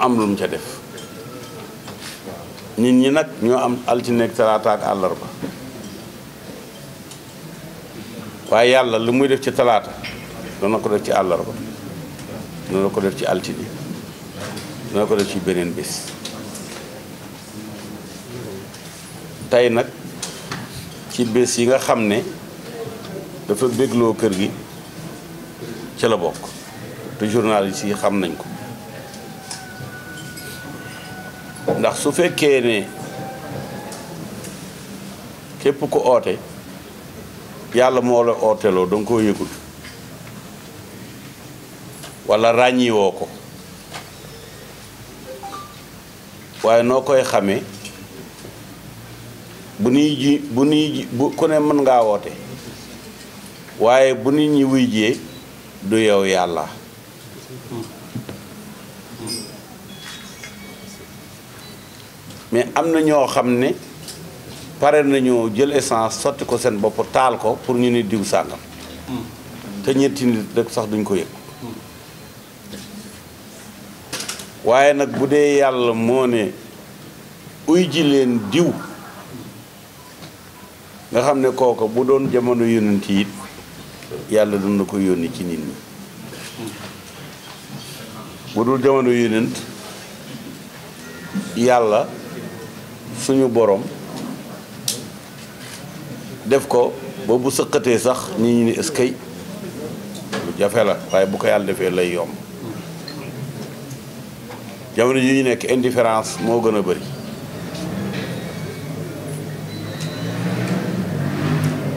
am lu mu ca def nit ñi nag ñoo am altine ak talaata ak àllarba waaye yàlla lu muy def ci talaata na ko def ci àllarba dana ko def ci altine dana ko def ci beneen bés tey nag ci bés yi nga xam ne dafa bégloo kër gi ci la bokk te journaliste yi xam nañ ko ndax su fekkee ne képp ku oote yàlla moo la ooteloo danga koo yëgul wala ràññiwoo ko waaye noo koy xamee bu nuy ji bu nuy ji bu ku ne mën ngaa woote waaye bu nu ñi wuy du yow yàlla mais am na ñoo xam ne pare nañoo jël essence sotti ko seen bopp taal ko pour ñu ni diw sàngam hmm. te ñetti nit rek sax duñ ko yëg waaye nag bu dee yàlla moo ne uy ji leen diw nga xam ne kooka bu doon jamono yonent yi yàlla dina ko yónni ci nit ñi hmm. bu dul jamono yonent yàlla suñu boroom def ko ba sëqatee sax nit ñi ni eskay lu jafe la waaye bu ko yàlla defee lay yomb jamono yu ñu nekk indifférence moo gën a bari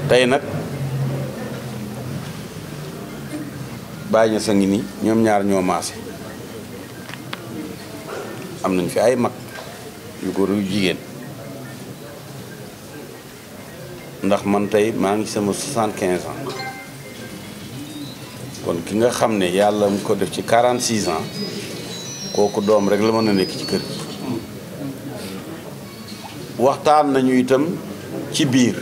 tey nag bàyyi sa ngi ni ñoom ñaar ñoo maase am nañ fi ay mag yu góor yu jigéen ndax man tey maa ngi sama quinze ans kon ki nga xam ne yàlla mu ko def ci 46 ans kooku doom rek la mën a nekk ci kër waxtaan nañu itam ci biir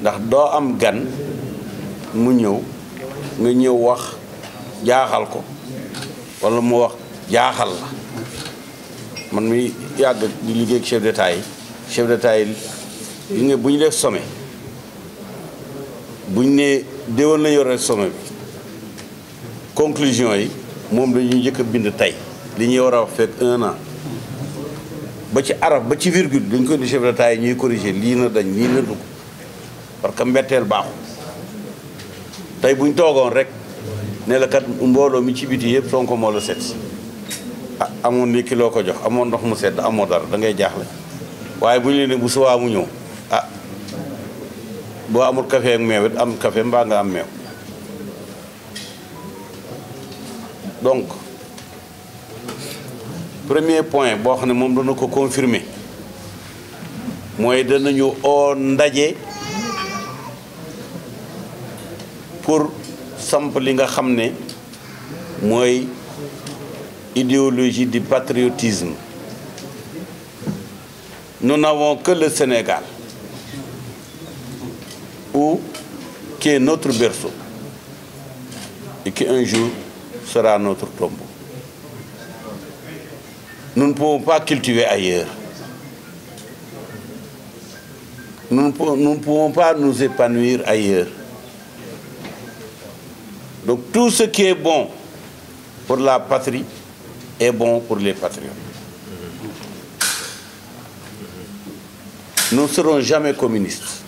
ndax doo am gan mu ñëw nga ñëw wax jaaxal ko walla mu wax jaaxal la man muy yàgg di liggéey ak chef d'État yi chef d'État yi yi bu ñu def sommet bu ñu nee déwén la yore sommet bi conclusion yi moom dañuy njëkk bind tey li ñuy war a wax fekk ba ci arab ba ci virgule duñ ko di chef yi ñuy corriger lii na dañ lii na dugg parce que mbetteel baaxu tey buñ toogoon rek ne la mbooloo mi ci biti yëpp Sonko moo la set ah amoon ni loo ko jox amoon ndox mu sedd amoo dara da ngay jaaxle waaye bu ñu leen bu suwaa mu ñëw ah boo amul café ak meew it am café mbaa nga am meew donc premier point boo xam ne moom dana ko confirmer mooy danañu oo ndaje pour samp li nga xam ne mooy idéologie di patriotisme nu n'avons que le Sénégal où, qui est notre berceau et qui un jour sera notre tombeau. Nous ne pouvons pas cultiver ailleurs. Nous ne, pouvons, pas nous épanouir ailleurs. Donc tout ce qui est bon pour la patrie est bon pour les patriotes. Nous ne serons jamais communistes.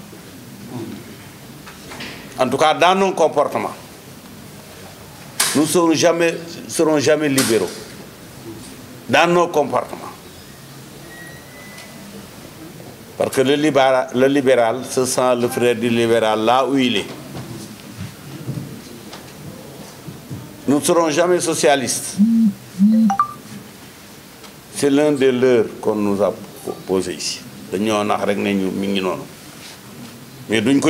en tout cas dans no comportements, nous ne serons jamais, serons jamais libéraux dans nos comportements. Parce que le libéral, le libéral se sent le frère du libéral là où il est. Nous ne serons jamais socialistes. C'est l'un des leurs qu'on nous a posé ici. Nous avons dit que nous sommes Mais nous ne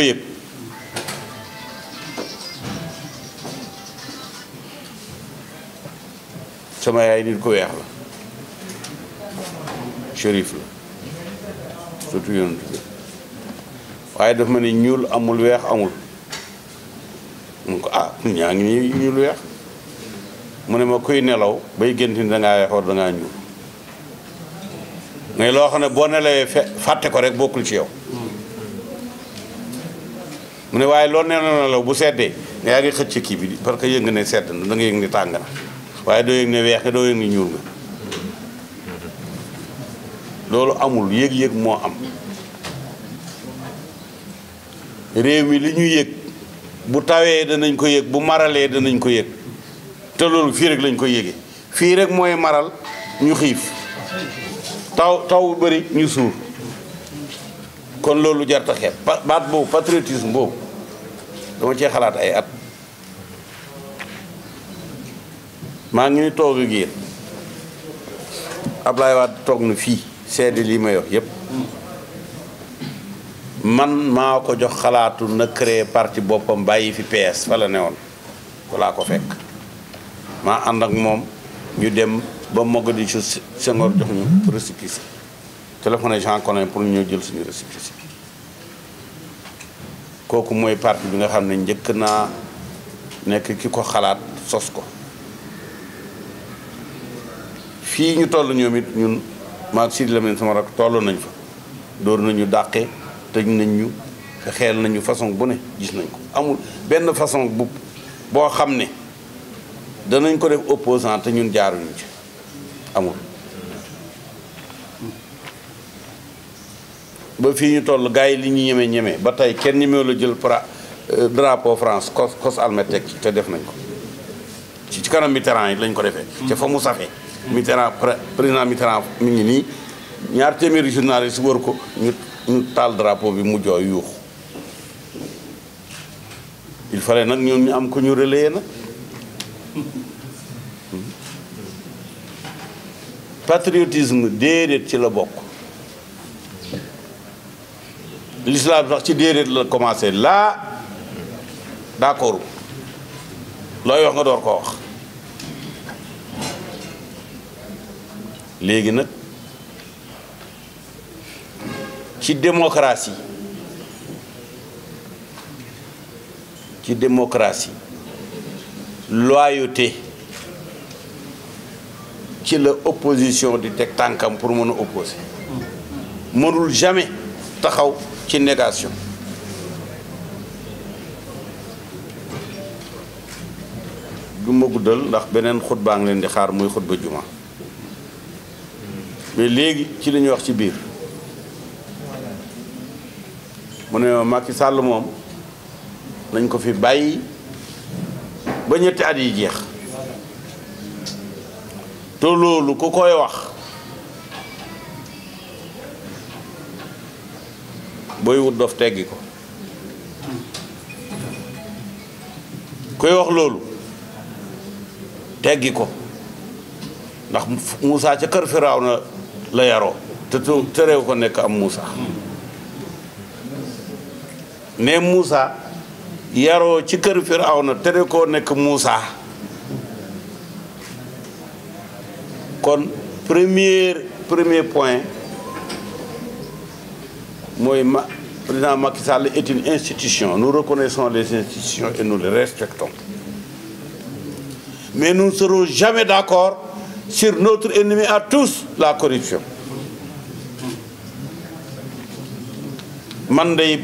sama yaay nit ku weex la shérif la surtout yonent bi waaye daf ma ne ñuul amul weex amul mun ko ah ñaa ngi nii ñuul weex mu ne ma kuy nelaw bay gént ni dangaa weex dangaa ñuul mais loo xam ne boo nelawee fàtte ko rek bokkul ci yow mu ne waaye loo nelaw nelaw bu seddee yaa ngi xëcc kii bi parce que yëng ne sedd na da nga yëng ni tàng na waaye doo yëg ne weex nga doo yëg ne ñuul nga loolu amul yëg-yëg moo am réew mi li ñu yëg bu tawee danañ ko yëg bu maralee danañ ko yëg te loolu fii rek lañ ko yëgee fii rek mooy maral ñu xiif taw taw bu bëri ñu suur kon loolu jarta xeeb baat boobu patriotisme boobu dama cee xalaat ay at maa ngi ni toog ak yéen Ablaye Wade toog na fii seede lii ma wax yépp man maa ko jox xalaatu na créer parti boppam bàyyi fi PS fa la ne woon walaa ko fekk maa ànd ak moom ñu dem ba Mogadishu Senghor jox ñu récépissé téléphoné Jean Collin pour ñu jël suñu récépissé kooku mooy parti bi nga xam ne njëkk naa nekk ki ko xalaat sos ko fii ñu toll ñoom it ñun maag Sidi Lamine sama rak toll nañ fa dóor nañu dàqe tëj nañ ñu xeel nañu façon bu ne gis nañ ko amul benn façon bu boo xam ne danañ ko def opposant te ñun jaaruñu ci amul ba fii ñu toll gars yi li ñu ñemee ñemee ba tey kenn ñemewu la jël pra euh, drapo France cos cos almet ci te def nañ ko ci kanam mi yi lañ ko defee. ca fa mu safee. Mitterrand président Mitterrand mu ngi nii ñaar téeméeri journaliste wër ko ñu ñu taal drapeau bi mu jooy yuuxu il fallait nag ñoom ñu am ko ñu relayer nag hmm. patriotisme déedéet ci la bokk l'islam sax ci déedéet la commencé laa d'accord looy wax nga door koo wax léegi nag ci démocratie ci démocratie loyauté ci la opposition di teg tànkam pour mën a opposer mënul jamais taxaw ci négation du ma guddal ndax beneen xutbaa ngi leen di xaar muy xutba juma mais léegi ci la ñuy wax ci biir mu ne Macky Sall moom dañ ko fi bàyyi ba ñetti at yi jeex te loolu ku koy wax booy wut dof teggi ko koy wax loolu teggi ko ndax Moussa ca kër na la yaroo te tu terew ko nekk am Moussa mais Moussa yaroo ci kër Firawna tere koo nekk Moussa kon premier premier point mooy ma président Macky Sall est une institution nous reconnaissons les institutions et nous les respectons mais nous ne jamais d'accord sur notre ennemi à tous la corruption man day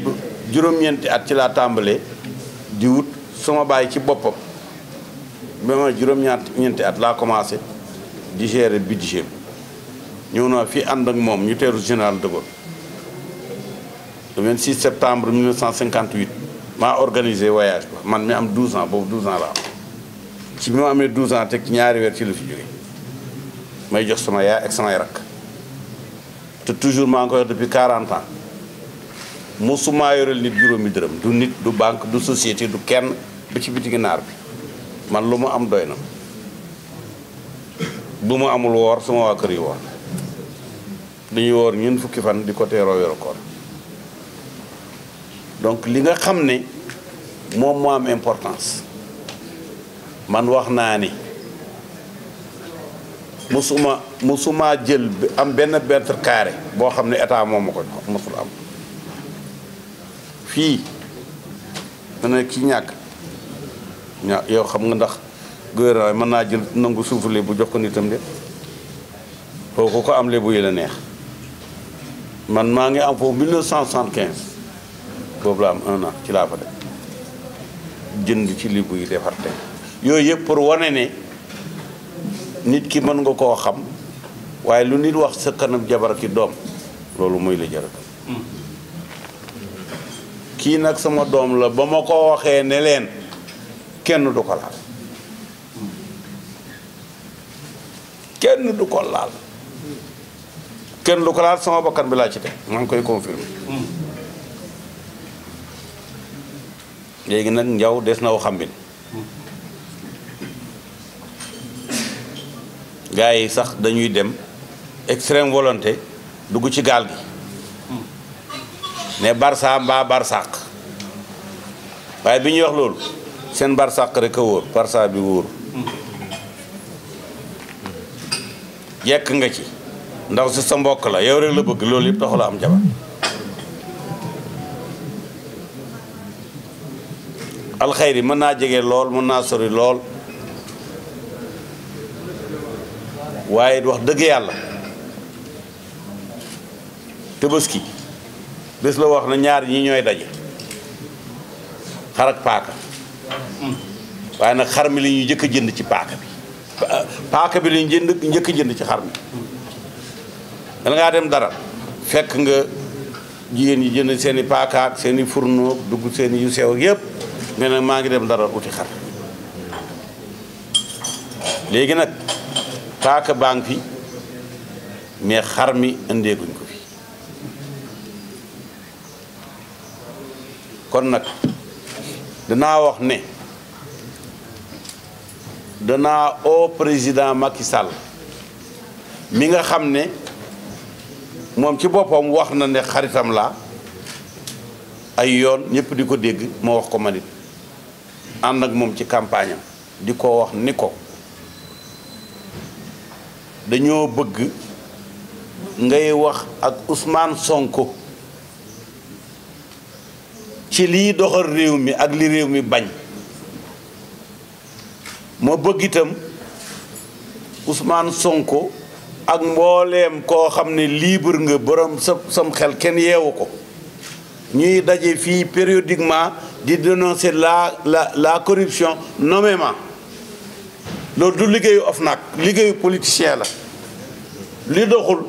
juróom-ñeenti at ci laa tàmbalee di wut sama bàyyi ci boppam ba ma juróom-ñeenti at laa commencé di gérer budget ñëw naa fii ànd ak moom ñu teeru général de Gaulle le 26 septembre 1958 maa organisé voyage ba man mi am 12 ans boobu 12 ans laa am ci bi ma amee 12 ans teg ñaari weer ci la fi jógee. may jox sama yaay ak samay rakk te toujours maa ngi koy wax depuis 40 ans mosumaa yoreel nit juróomi dërëm du nit du banque du société du kenn ba ci biti naar bi man lu mu am doy na bu mu amul woor sama waa kër yi woor dañuy woor ñun fukki fan di ko teeroo weeru koor donc li nga xam ne moom moo am importance man wax naa ni musuma musuma jël am benn bentre carré boo xam ne état moom ma ko jox am fii ma ne ki ñàkk ña yow xam nga ndax gouvernement mën naa jël nangu suufu bu jox ko nitam de kooku ko am lébu yi la neex man maa ngi am foofu 1975 boobu la am un an ci laa fa def jënd ci lébu yi defar yooyu yëpp pour wane ne nit ki mën nga koo xam waaye lu nit wax sa kanam jabar ki doom loolu muy la jarak kii nag sama doom la ba ma ko waxee ne leen kenn du ko laal kenn du ko laal ko laal sama bakkan bi laa ci teg maa ngi koy confirmer mm. léegi nag njaw des na waxambin gaa yi sax dañuy dem extrême volonté dugg ci gaal gi ne barça mbaa barsàq waaye bi ñuy wax loolu seen barsàq rek a wóor barça bi wóor jekk nga ci ndaw si sa mbokk la yow rek la bëgg loolu yëpp taxul a am jabar alxayri mën naa jege lool mën naa sori lool waaye wax dëgg yàlla Tabaski bés la wax na ñaar yi ñooy daje xar paaka waaye nag xar mi li ñu njëkk jënd ci paaka bi paaka bi li ñu jënd njëkk a jënd ci xar mi dana ngaa dem dara fekk nga jigéen yi jënd seeni i paakaak seen i dugg seen yu sew ak yëpp nga ne maa ngi dem dara uti xar léegi nag paaka baa ngi fi mais xar mi indeeguñ ko fi kon nag danaa wax ne danaa au président Macky Sall mi nga xam ne moom ci boppam wax na ne xaritam la ay yoon ñëpp di ko dégg moo wax ko manit ànd ak moom ci campagne di ko wax ni ko dañoo bëgg ngay wax ak usmaan Sonko ci liy doxal réew mi ak li réew mi bañ ma bëgg itam Ousmane Sonko ak mbooleem koo xam ne libre nga borom sa sam xel kenn yeewu ko ñuy daje fi périodiquement di dénoncer la la la corruption nommément loolu du liggéeyu nag liggéeyu politicien la li doxul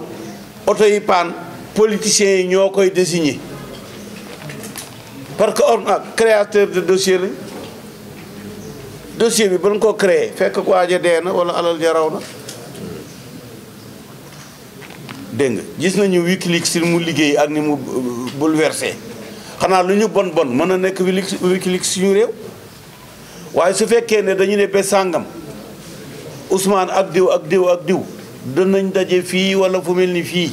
oto yi paan politiciens yi ñoo koy désigner parce que OFNAC créateur de dossier lañ dossier bi ba ñu ko créé fekk ko waaja dee na wala alal ja na dégg nga gis nañu Wikileaks si mu liggéey ak ni mu euh, bouleversé xanaa lu ñu bon bon mën a nekk Wikileaks suñu réew waaye su fekkee ne dañu ne ba sàngam Ousmane ak diw ak diw ak diw nañ daje fii wala fu mel ni fii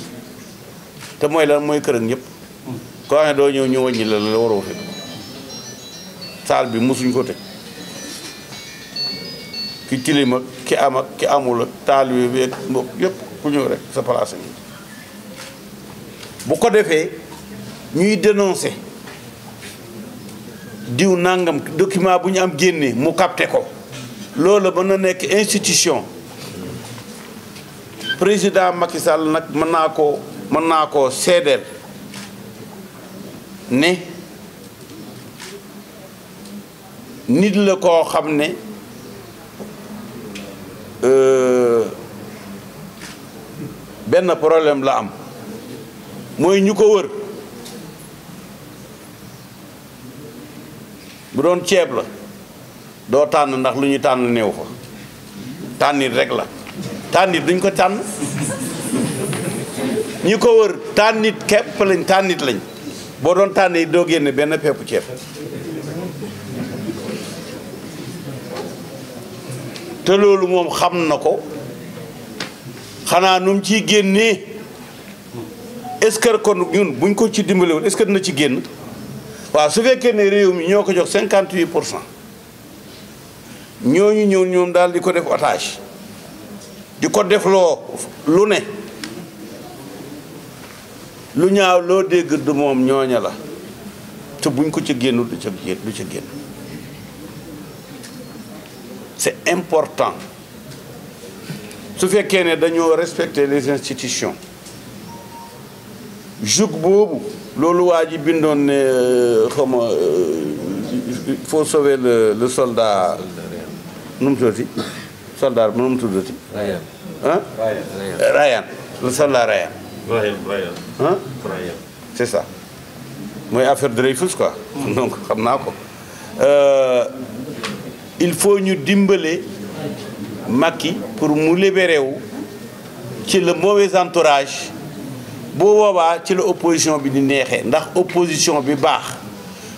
te mooy lan mooy kërën ñépp ko xam ne doo ñëw ñu wàññi la la waroo fekk saal bi mosuñ ko teg ki tilim ki am ki amul ak taalibe bi ak mbokk yëpp ku ñëw rek sa place bu ko defee ñuy dénoncé diw nangam document bu ñu am génnee mu capté ko loolu mën na nekk institution président Macky Sall nag mën naa ko mën naa ko seedeel ne nit la koo xam ne euh, benn problème la am mooy ñu ko wër bu doon ceeb la doo tànn ndax lu ñu tànn néew fa tànnit rek la tànnit duñ ko tànn ñi ko wër tànnit képp lañ tànnit lañ boo doon tànnee doo génne benn peppu ceeb te loolu moom xam na ko xanaa num ci ciy génnee est-ce que kon ñun buñ ko ci dimbalewul est-ce que dina ci génn waaw su fekkee ne réew mi ñoo ko jox 58 pour cent ñooñu ñëw ñoom daal di ko def otage di ko def loo lu ne lu ñaaw loo dégg du moom ñooña la te buñ ko ca génn du ca génn ca génn c'est important su fekkee ne dañoo respecter les institutions jug boobu loolu waa ji bindoon ne euh, xawma euh, faut sauver le le nu mu tuddati soldat bi nu mu tuddati. Rayane ah. c'est ça mooy affaire Dreyfus quoi. Hmm. donc xam naa ko. Euh, il faut ñu dimbale Macky pour mu libéré ci le mauvais entourage boo boobaa ci la opposition bi di neexee ndax opposition bi baax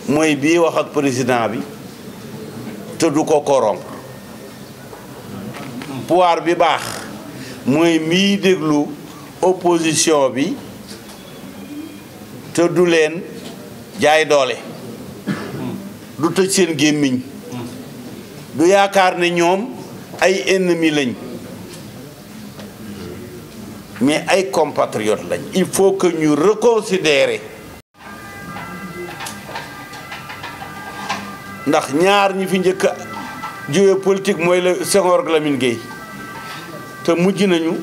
mooy bii wax ak président bi te du ko corrompre puwaar bi baax mooy miy déglu opposition bi te du leen jaay doole du tëj seen gémmiñ du yaakaar ne ñoom ay ennemis lañ mais ay compatriotes lañ il faut que ñu reconsidérer ndax ñaar ñi fi njëkk a jiwee politique mooy la Senghor ak Lamine Gueye te mujj nañu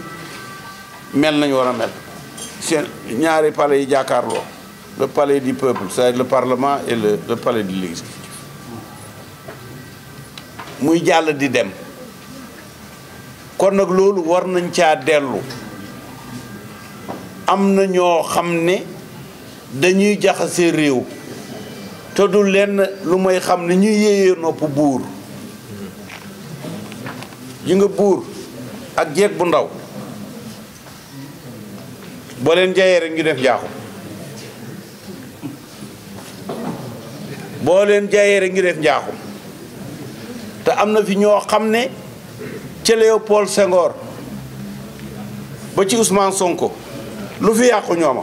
mel nañu war a mel seen ñaari palais yi jàkkaarloo le palais du peuple cest le parlement et le le palais du l'exécutif muy jàll di dem kon nag loolu war nañ caa dellu am na ñoo xam ne dañuy jaxasee réew te du lenn lu may xam ne ñuy yéeyee nopp buur yi nga buur ak jeeg bu ndaw boo leen jayee rek ñu def njaaxum boo leen jayee rek ñu def njaaxum te am na fi ñoo xam ne ca Léopold Senghor ba ci Ousmane Sonko lu fi yàqu ñooma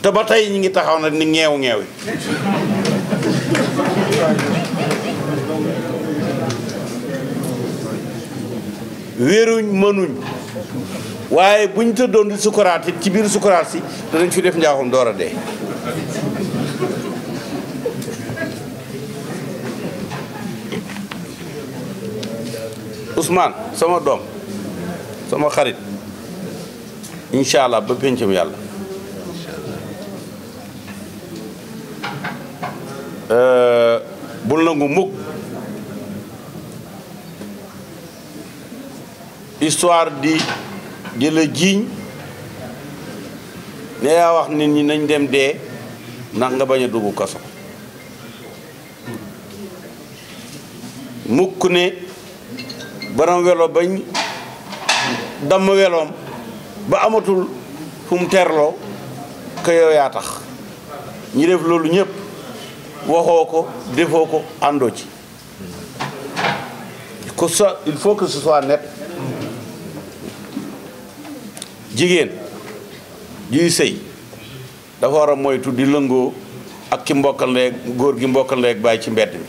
te ba tey ñi ngi taxaw na ni ñeewu ñeewi wéeruñ mënuñ waaye buñ tëddoon di sukuraat ci biir sukuraat si danañ fi def njaaxum door a dee Ousmane sama doom sama xarit incha allah ba péncam yàlla euh, bul nangu mukk histoire di di la jiiñ ne yaa wax nit ñi nañ dem dee ndax nga bañ a dugg kaso mukk ne borom welo bañ damm weloom ba amatul fu mu terloo ko yaa tax ñi def loolu ñëpp waxoo ko defoo ko àndoo ci ko il faut que ce net jigéen juy sëy dafa war a moytu di lëngoo ak ki mbokkal góor gi mbokkal leeg bàyyi ci mbedd mi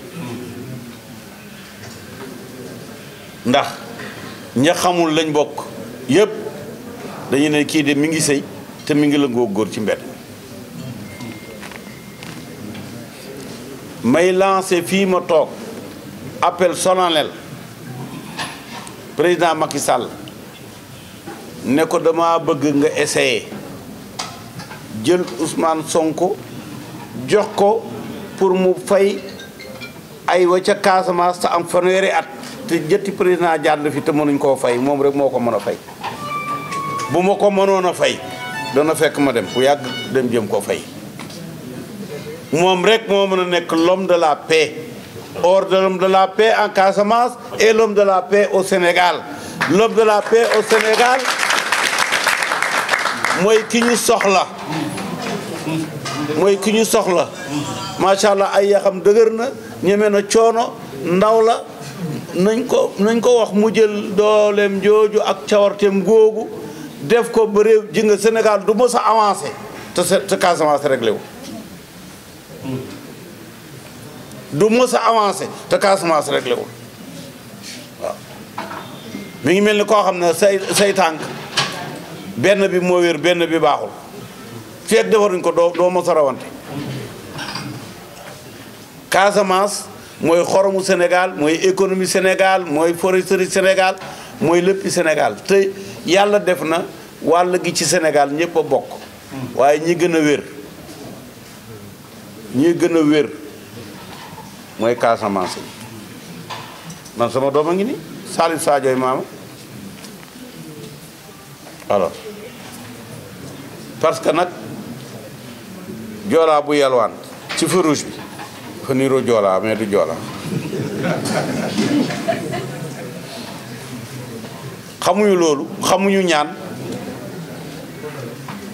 ndax ña xamul lañ bokk yépp dañu ne kii de mi ngi sëy te mi ngi lëngoo góor ci mbedd may lancé fii ma toog appel solennel président Macky sàll ne ko dama bëgg nga essayer jël Ousmane sonk jox ko pour mu fay ay wa ca Casamance te am fanweeri at te jëtti président jàll fi te mënuñ koo fay moom rek moo ko mën a fay bu ma ko mënoon a fay dana fekk ma dem bu yàgg dem jëm ko fay moom rek moo mën a nekk lom de la paix hors de l'homme de la paix en Casamance et l'homme de la paix au Sénégal l'homme de la paix au Sénégal mooy ki ñu soxla mooy ki ñu soxla macha allah ay yaxam dëgër na ñeme na coono ndaw la nañ ko nañ ko wax mu jël dooleem jooju ak cawarteem googu def ko ba réew ji nga Sénégal du mës a avancé te te Casamance réglé wu du mës a avancé te Casamance réglé wu waaw ngi mel ni koo xam na say say tànk benn bi moo wér benn bi baaxul feeg defaruñ ko doo doo mos rawante Casamance mooy xoromu Sénégal mooy économie Sénégal mooy foresterie Sénégal mooy léppi Sénégal te yàlla def na wàll gi ci Sénégal ñëpp a bokk waaye ñi gën a wér ñi gën a wér mooy Casamance man sama doom a ngi ni Salif Sadio maama alors parce que nag joolaa bu yelwaan ci feu rouge bi fa niru joolaa mais du joolaa xamuñu loolu xamuñu ñaan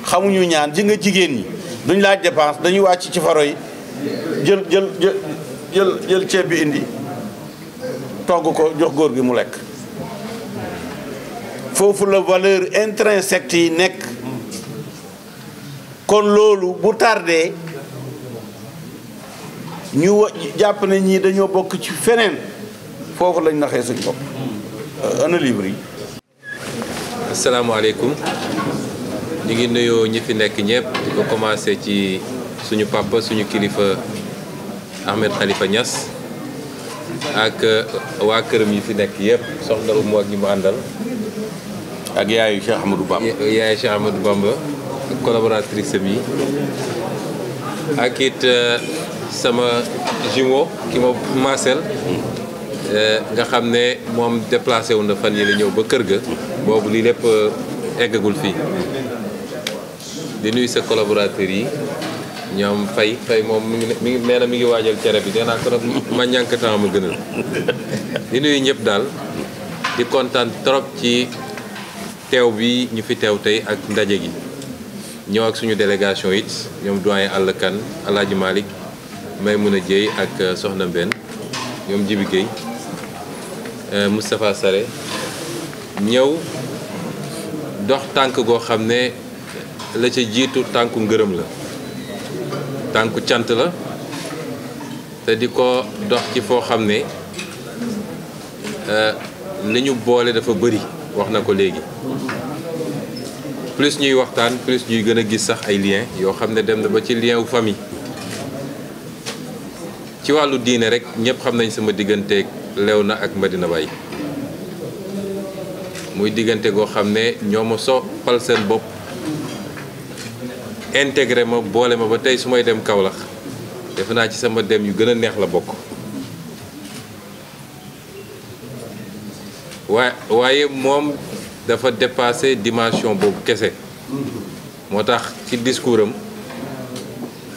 xamuñu ñaan ji nga jigéen ñi duñ laaj dépense dañuy wàcc ci faro yi jël jël jël jël ceeb bi indi togg ko jox góor gi mu lekk foofu la valeur intrinsèque yi nekk kon loolu bu tàrdee ñu jàpp ne ñii dañoo bokk ci feneen foofu lañ naxee suñ bopp euh, ana livre yi asalaamaaleykum ñu ngi nuyoo ñi fi nekk ñëpp di ko commencé ci suñu papa suñu kilifa Ahmed Khalifa ñas ak euh, waa këram yi fi nekk yëpp soxna Umu ak ñi mu àndal ak yaayu Cheikh Amadou Bamba. yaayu Cheikh Amadou Bamba collaboratrice am yi ak it euh, sama jumeau ki ma Marcel. Euh, nga xam ne moom déplacé wu na fan yi la ñëw ba kër ga. boobu lii lépp euh, eggagul fii. di nuyu sa collaborateurs yi ñoom Faye Faye moom mu ngi mi ngi nee na mi ngi waajal cere bi nee naa trop ma ñànk temps ma gënal. di nuyu ñëpp daal di kontaan trop ci. teew bi ñu fi teew tey ak ndaje gi ñëw ak suñu délégation it ñoom doyen Alla Kane Alaaji Malick Maymuna Jéey ak euh, Soxna Mbenn ñoom Jibi Guèye euh, Moustapha Sare ñëw dox tànk goo xam ne la ca jiitu tànku ngërëm la tànku cant la te di ko dox ci foo xam ne li euh, ñu boole dafa bëri wax na ko léegi plus ñuy waxtaan plus ñuy gën a gis sax ay lien yoo xam ne dem na ba ci lien wu famille ci wàllu diine rek ñëpp xam nañ sama digganteeg na ak mbadina Baye muy diggante goo xam ne ñoo ma soppal seen bopp intégré ma boole ma ba tey su may dem kawlax defe naa ci sama dem yu gën a neex la bokk waaye waaye moom dafa dépasé dimension boobu kese moo tax ci discours am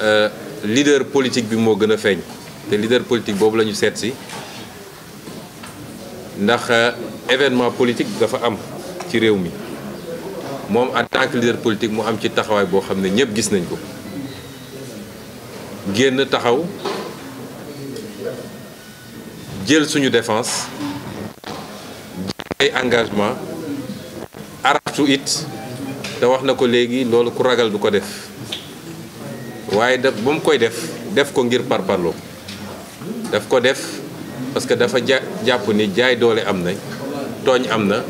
euh, leader politique bi moo gën a feeñ te leader politique boobu la ñu seet si ndax euh, événement politique dafa am ci réew mi moom en tant que politique mu am ci taxawaay boo xam ne ñëpp gis nañ ko génn taxaw jël suñu défense ay engagement artu it te wax na ko léegi loolu ku ragal du ko def waaye da ba mu koy def def ko ngir parparloo daf ko def parce que dafa ja jàpp ni jaay doole am na tooñ am na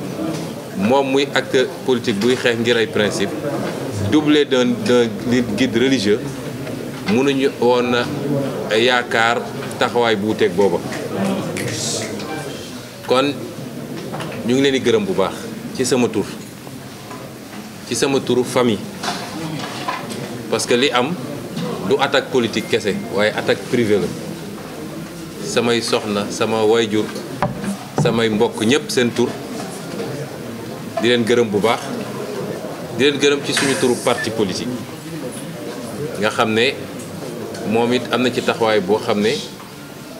moom muy acteur politique buy xeex ngir ay principe doublé d'un d'un guide religieux mënuñu woon a yaakaar taxawaay bu wuteeg booba kon ñu ngi leen di gërëm bu baax ci sama tur ci sama turu famille parce que li am du attaque politique kese waaye attaque privée la samay soxna sama wayjur samay mbokk ñëpp seen tur di leen gërëm bu baax di leen gërëm ci suñu turu parti politique nga xam ne moom it am na ci taxawaay boo xam ne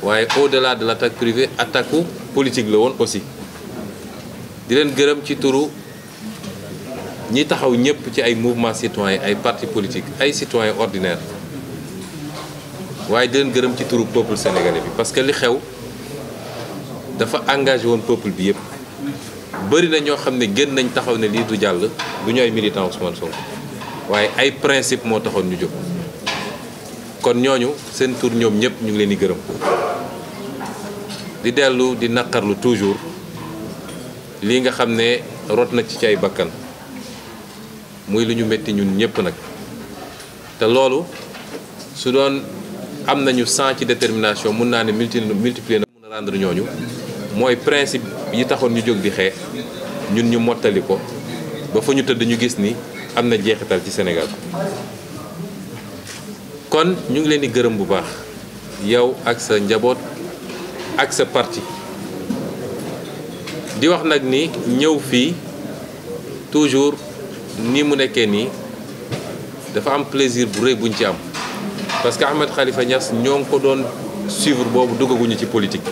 waaye de delà de l'attaque privée attaque politique la woon aussi di leen gërëm ci turu ñi taxaw ñëpp ci ay mouvement citoyen ay parti politique ay citoyen ordinaire waaye di leen gërëm ci turu peuple sénégalais bi parce que li xew dafa engagé woon peuple bi yëpp bëri na ñoo xam ne gën nañ taxaw ne lii du jàll du ñu ay militant Ousmane waaye ay principe moo taxoon ñu jóg kon ñooñu seen tur ñoom ñëpp ñu ngi leen di gërëm di dellu di naqarlu toujours lii nga xam ne rot na ci ci ay bakkan muy lu ñu metti ñun ñëpp nag te loolu su doon am nañu cent ci détermination mun naa ne multi multiplier na mun a rendre ñooñu mooy principe yi taxoon ñu jóg di xeex ñun ñu mottali ko ba fa ñu tëdd ñu gis ni am na jeexital ci senegal kon ñu ngi leen di gërëm bu baax yow ak sa njaboot ak sa parti di wax nag ni ñëw fii toujours nii mu nekkee nii dafa am plaisir bu rëy buñ ci am parce que Ahmed Khalifa Niass ñoo ngi ko doon suivre boobu duggaguñu ci politique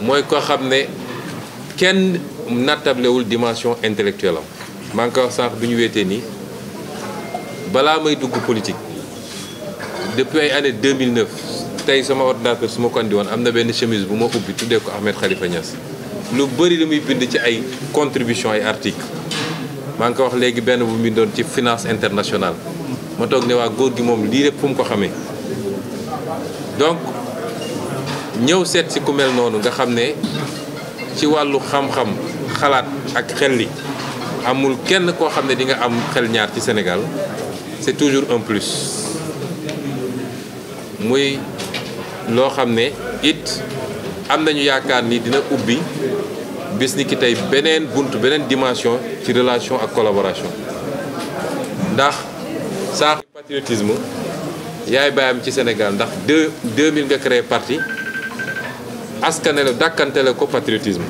mooy ko xam ne kenn nattablewul dimension intellectuelle am maa ngi ko wax sànq bi ñu weetee nii balaa may dugg politique depuis ay année 2009 tey sama ordinateur su ma ko woon am na benn chemise bu ma ubbi tuddee ko Ahmed Khalifa Niass lu bëri li muy bind ci ay contribution ay articles maa ngi wax léegi benn bu mu bindoon ci finance internationale ma toog ne waa góor gi moom lii lépp fu mu ko xamee donc ñëw seet si ku mel noonu nga xam ne ci wàllu xam-xam xalaat ak xel li amul kenn koo xam ne dinga am xel ñaar ci Sénégal c'est toujours un plus muy loo xam ne it am nañu yaakaar ni dina ubbi bis ni beneen bunt beneen dimension ci relation ak collaboration ndax saax patriotisme yaay bàyyam ci senegal ndax deux deux mille nga créé parti askanele dàkkantele ko patriotisme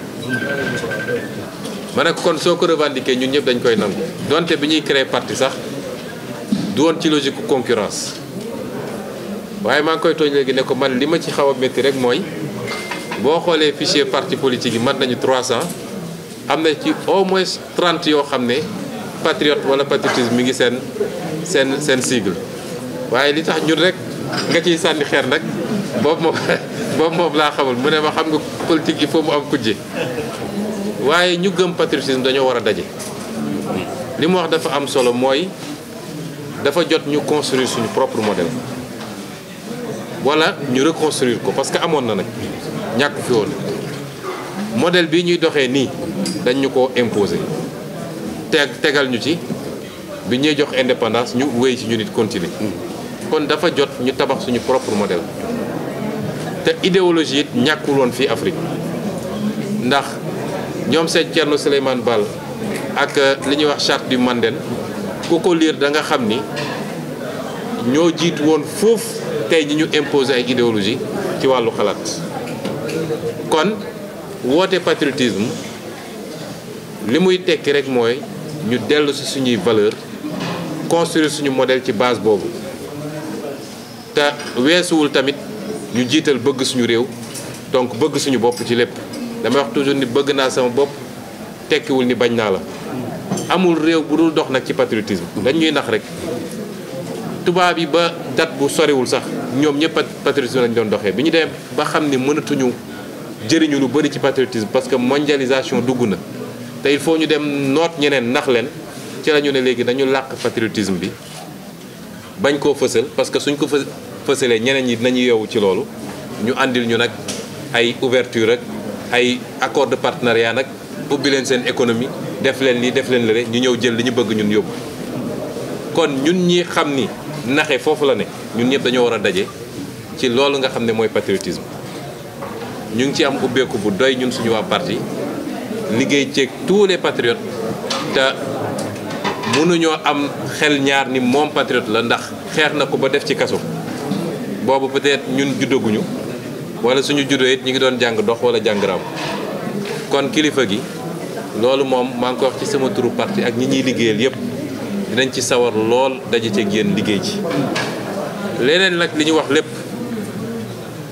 ma ne kon soo ko revendiqué ñun ñëpp dañ koy nangu donte bi ñuy créé parti sax du woon ci logique concurrence waaye maa ngi koy tooñ léegi ne ko man li ma ci xaw a métti rek mooy boo xoolee fichier parti politique yi mat nañu trois 300 am na ci au moins 30 yoo xam ne patriote wala patriotisme mi ngi seen seen seen sigle waaye li tax ñun rek nga ci sànni xeer nag boobu moom laa xamul mu ne ma xam nga politique il faut mu am kujje waaye ñu gëm patriotisme dañoo war a daje li mu wax dafa am solo mooy dafa jot ñu construire suñu propre modèle wala ñu reconstruire ko parce que amoon na nag ñàkk fi woon modèle bi ñuy doxee nii dañ ñu ko imposer teg tegal ñu ci bi ñuy jox indépendance ñu wéy ci ñu nit continuer kon dafa jot ñu tabax suñu propre model te idéologie it ñàkkul woon fii Afrique ndax ñoom seen Thierno Souleymane Baal ak euh, li ñuy wax charte du Mandem ku ko liir da nga xam ni ñoo jiitu woon foofu tey ñi ñu imposer ay idéologie ci wàllu xalaat kon woote patriotisme li muy tekki rek mooy ñu dellu si suñuy valeur construire suñu model ci base boobu te weesuwul tamit ñu jiital bëgg suñu réew donc bëgg suñu bopp ci lépp damay wax toujours ni bëgg naa sama bopp tekkiwul ni bañ naa la amul réew bu dul dox nag ci patriotisme dañ nax rek tubaab yi ba date bu soriwul sax ñoom ñëpp patriotisme lañu doon doxee bi ñu dem ba xam ni mënatuñu jëriñu lu bëri ci patriotisme parce que mondialisation dugg na te il faut ñu dem noot ñeneen nax leen ci la ñu ne léegi dañu làq patriotisme bi bañ koo fësal parce que suñ ko fësalee ñeneen ñi dinañu yow ci loolu ñu àndil ñu nag ay ouverture ak ay accord de partenariat nag ubbi leen seen économie def leen lii def leen lële ñu ñëw jël li ñu bëgg ñun yóbbu kon naxe foofu la ne ñun ñëpp dañoo war a daje ci loolu nga xam ne mooy patriotisme ñu ngi ci am ubbeeku bu doy ñun suñu waa parti liggéey ceeg tous les patriotes te mënuñoo am xel ñaar ni moom patriote la ndax xeex na ko ba def ci kaso boobu peut-être ñun juddaguñu wala suñu juddoo it ñu ngi doon jàng dox walla jàng raam kon kilifa gi loolu moom maa ngi ko wax ci sama turu parti ak ñi ñuy liggéeyal yépp dinañ ci sawar lool daje ceeg yéen liggéey ji leneen nag li ñu wax lépp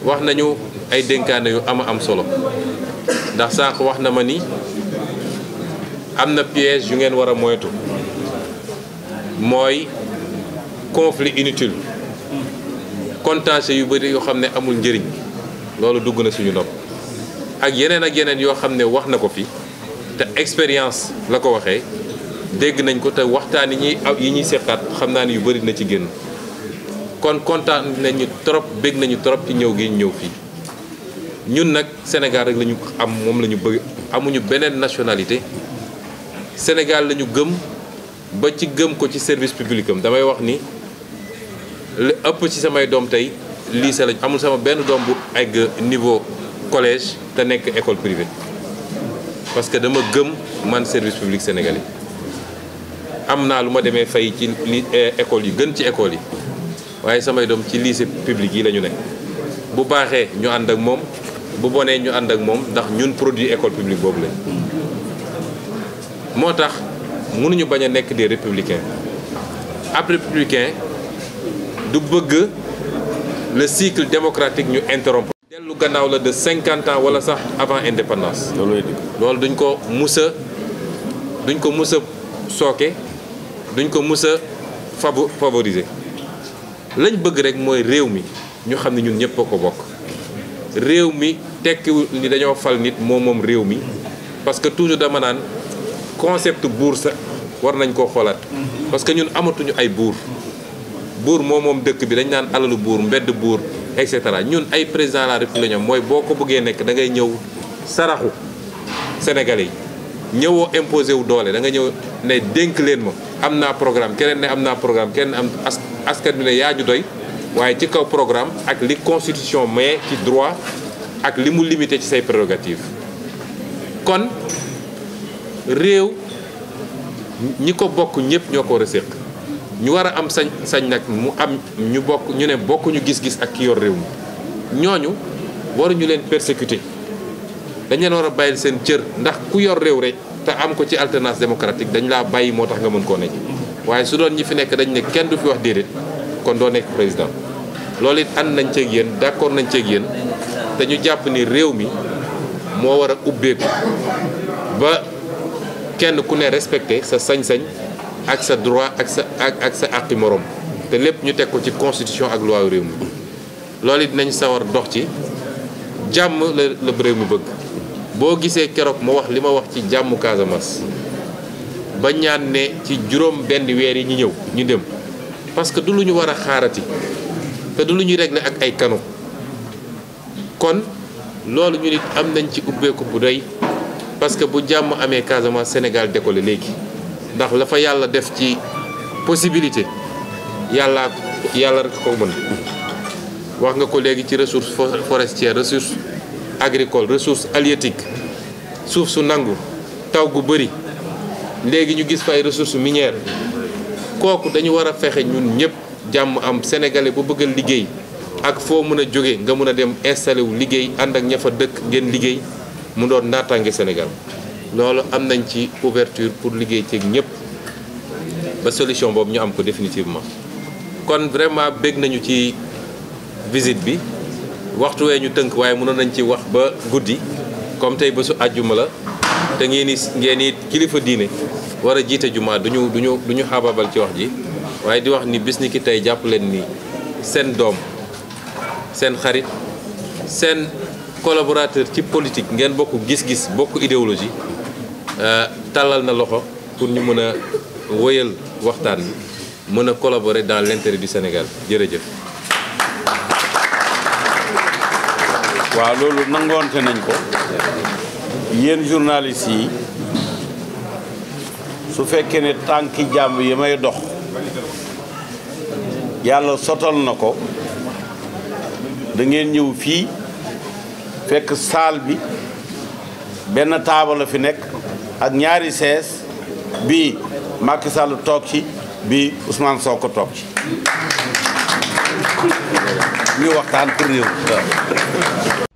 wax nañu ay dénkaane yu ama am solo ndax sànq wax na ma ni am na piège yu ngeen war a moytu mooy conflit inutile contentieux yu bëri yoo xam ne amul njëriñ loolu dugg na suñu nopp ak yeneen ak yeneen yoo xam ne wax na ko fi te expérience la ko waxee dégg nañ ko te waxtaan yi ñuy aw yi ñuy seqaat xam naa ne yu bëri na ci génn kon kontaan nañu trop bég nañu trop ci ñëw gi ñëw fii ñun nag Sénégal rek la am moom la ñu bëgg amuñu beneen nationalité Sénégal lañu gëm ba ci gëm ko ci service public damay wax ni li ëpp ci samay doom tey lycée lañ amul sama benn doom bu egg niveau collège te nekk école privée parce que dama gëm man service public sénégalais. am naa lu ma demee fay ci li eh, école yi gën ci école yi waaye samay doom ci lycée public yi la ñu nekk bu baaxee ñu ànd ak moom bu bonee ñu ànd ak moom ndax ñun produit école publique boobu lañ moo tax mënuñu bañ a nekk des républicains ab républicain du bëgg le cycle démocratique ñu interrompre dellu gannaaw la de cinquante ans wala sax avant indépendance loolu duñ ko musa duñ ko musa sooke duñ ko musa a favo lañ bëgg rek mooy réew mi ñu xam ne ñun ñëpp a ko bokk réew mi tekkiwu ni dañoo fal nit moo moom réew mi parce que toujours dama naan concept buur sa war nañ ko xoolaat parce que ñun amatuñu ay buur buur moom moom dëkk bi dañ naan alalu buur mbedd buur et cetera ñun ay président la république mooy boo ko bëggee nekk da ngay ñëw saraxu sénégalais yi ñëwoo imposé wu doole da nga ñëw ne dénk leen ma am naa programme keneen ne am naa programme keneen am askan bi ne yaa ñu doy waaye ci kaw programme ak li constitution mais ci droit ak li mu limité ci say prérogative kon réew ñi ko bokk ñëpp ñoo ko war a séq ñu war a am sañ sañ nag mu am ñu bokk ñu ne bokkuñu gis-gis ak ki yor réew mi ñooñu waruñu leen persécuter dañ leen war a bàyyil seen cër ndax ku yor réew rek te am ko ci alternance démocratique dañu laa bàyyi moo tax nga mën koo nekk waaye su doon ñi fi nekk dañ ne kenn du fi wax déedéet kon doo nekk président loolu it ànd nañ ceeg yéen d'accord nañ ceeg yéen te ñu jàpp ni réew mi moo war a ubbeeku ba kenn ku ne respecte sa sañ-sañ ak sa droit ak sa ak ak sa àqi morom te lépp ñu teg ko ci constitution ak loi réew mi loolu it dinañ sawar dox ci jàmm la la réew mi bëgg boo gisee keroog ma wax li ma wax ci jàmm Casamance ba ñaan ne ci juróom benn weer yi ñu ñëw ñu dem parce que du lu ñu war a xaarati te du lu ñuy régler ak ay kanu kon loolu ñu nit am nañ ci ubbeeku bu doy parce que bu jàmm amee Casamance Sénégal décollé léegi ndax la fa yàlla def ci possibilité yàllaa yàlla rek ko mën wax nga ko léegi ci ressource forestière ressource agricole ressources halieutiques suuf su nangu taw gu bëri léegi ñu gis fa ay ressources minières kooku dañu war a fexe ñun ñëpp jàmm am sénégalais bu bëgg liggéey ak foo mën a jóge nga mën a dem installé wu liggéey ànd ak ña fa dëkk ngeen liggéey mu doon naataange Sénégal loolu am nañ ci ouverture pour liggéey ceeg ñëpp ba solution boobu ñu am ko définitivement kon vraiment bég nañu ci visite bi waxtu wee ñu tënk waaye mënoon nañ ci wax ba guddi comme tey bésu àjjuma la te ngeen ni ngeen it kilifa diine war a jiite jumaa duñu duñu du ñu xababal ci wax ji waaye di wax ni bis ni ki tey jàpp leen ni seen doom seen xarit seen collaborateur ci politique ngeen bokk gis-gis bokk idéologie euh, tàllal na loxo pour ñu mën a wëyal waxtaan bi mën a collaborer dans l'intérêt du Sénégal jërëjëf waaw loolu nangoonte nañ ko yéen journaliste yi su fekkee ne tànki jàmm yi may dox yàlla sotal na ko dangeen ñëw fii fekk saal bi benn taabal a fi nekk ak ñaari sees bi Macky Sall toog ci bi bii soo ko toog ci ñu waxtaan pour réew